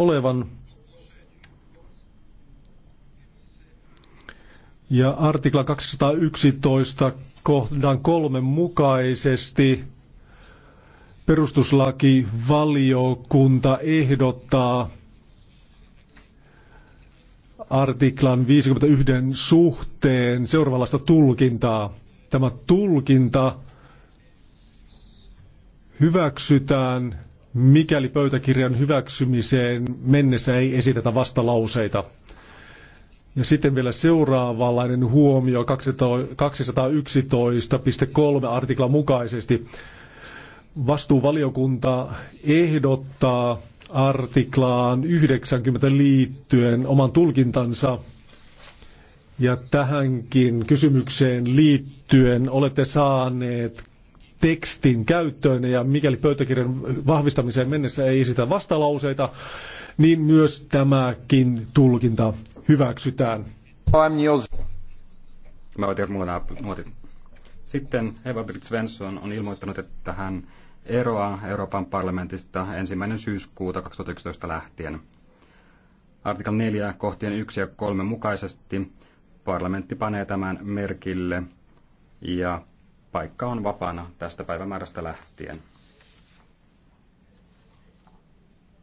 olevan. Ja artikla 211 kohdan kolmen mukaisesti valiokunta ehdottaa artiklan 51 suhteen seuraavanlaista tulkintaa. Tämä tulkinta hyväksytään mikäli pöytäkirjan hyväksymiseen mennessä ei esitetä vastalauseita. Ja sitten vielä seuraavanlainen huomio 211.3 artiklan mukaisesti. Vastuuvaliokunta ehdottaa artiklaan 90 liittyen oman tulkintansa. Ja tähänkin kysymykseen liittyen olette saaneet tekstin käyttöön ja mikäli pöytäkirjan vahvistamiseen mennessä ei esitä vastalauseita, niin myös tämäkin tulkinta hyväksytään. Sitten Eva Britt Svensson on ilmoittanut, että hän eroaa Euroopan parlamentista ensimmäinen syyskuuta 2011 lähtien. Artiklan 4 kohtien 1 ja 3 mukaisesti parlamentti panee tämän merkille ja Paikka on vapaana tästä päivämäärästä lähtien.